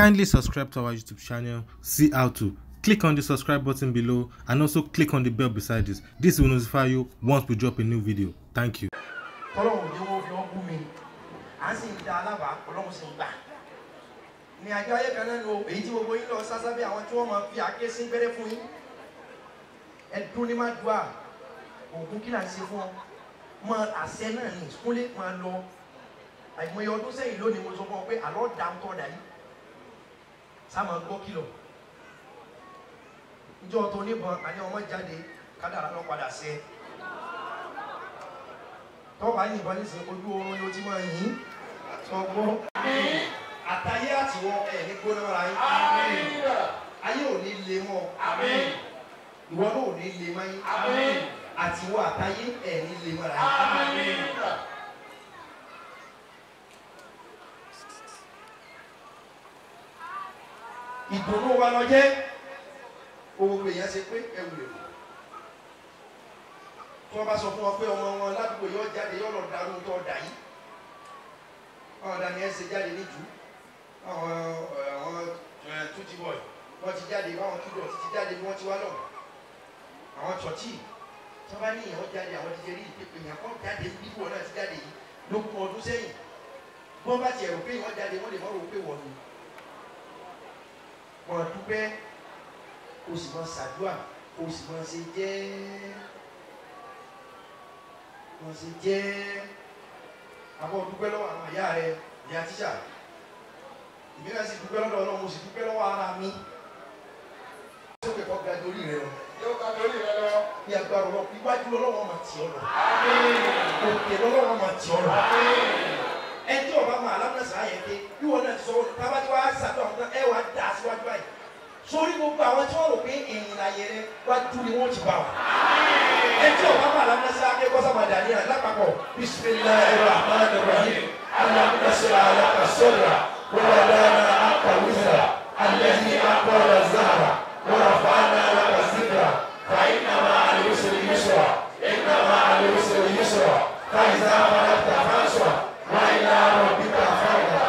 Kindly subscribe to our YouTube channel, see how to. Click on the subscribe button below and also click on the bell beside this. This will notify you once we drop a new video. Thank you. Ní àjọ ayé kan náà ni o, èyí tí gbogbo yín lọ sásá bí àwọn tí wọ́n máa fi àáké sí gbẹ́rẹ́ fún yín. Ẹ dún ní má dùn à, òògùn kí là ń ṣe fún ọ. Mọ àṣẹ náà ní ìkúnlé máa lọ. Àìmọye ọdún sẹ́yìn lónìí mo sọ fún ọ pé àlọ́ dá ń sáàmà gbọ́ kìlọ̀ níjọ́ tó níbọn àní ọmọ jáde kádàrá lọ padà sí ẹ tọ́ba yìnbọn ní sin ojú oorun ló ti máa yìn sọgbọ́ àtàyé àtiwọ́ ẹ̀ ní gbóná ara yín ayé ò ní le mọ́ ìwọ náà ò ní le mọ́ àtiwọ́ àtàyé ẹ̀ ní le mọ́ ara yín. ìdùnnú wa lọ jẹ́ owó pé èèyàn ṣe pé ẹ̀wù lè wò tí wọ́n bá sọ fún wọn pé ọmọ wọn ládùúgbò yóò jáde yóò lọ dàrú tó ọ̀dà yìí ọ̀dà ni ẹ̀ ṣe jáde níjú àwọn tútì bọ̀ wọ́n ti jáde wọ́n ti dọ̀ ti jáde wọ́n ti wá lọ àwọn tọ̀tì tí wọ́n bá ní ìyàwó jáde àwọn ti ṣe rí ìpèpè yẹn kọ́ jáde bíbọ̀ náà ti jáde yìí lókun ọdún sẹ́yìn bọ́n bá tiẹ̀ rò pé ìwọ́n jáde wọ́n lè mọ́ rò pé wọ́n ni máa dúpẹ́ kó sì máa ṣàdúà kó sì máa ṣe jẹ́ máa ṣe jẹ́ àmọ́ dúpẹ́ lọ́wọ́ àwọn àyà rẹ ìyá tíṣà èmi náà sì dúpẹ́ lọ́dọ̀ ọlọ́run mo sì dúpẹ́ lọ́wọ́ ara mi ó o ga dorí rẹ lọ. yóò ga dorí rẹ lọ. ní agbára ọlọ́run iwájú ọlọ́run máa tì ọ́ lọ. òkè lọ́lọ́run máa tì ọ́ ẹjọ́ ọba máa lábẹ́sà ayẹ̀dẹ́ bí wọn náà ti sọ tábàtí wàá sàdọ̀ sórí gbogbo àwọn tí wọ́n rò pé èyí láyé rẹ wá tú ni wọ́n ti bá wa. ẹtí ọba màlá mẹsà akẹ́kọ̀ọ́sá màdàní àlápapọ̀ bisimilayi rahman rahim alamutasira alakasora wàlànà akawisa alẹ́ni akọ́ra zahara wàlàfàànà alakasira fàyínàmà alẹ́wùsẹ̀lẹ̀ yusra ẹ̀nàmà alẹ́wùsẹ̀lẹ̀ yusra fàyínàmà alẹ́wùsẹ̀lẹ̀ yusra wàyínàmà bíkà fàyínà.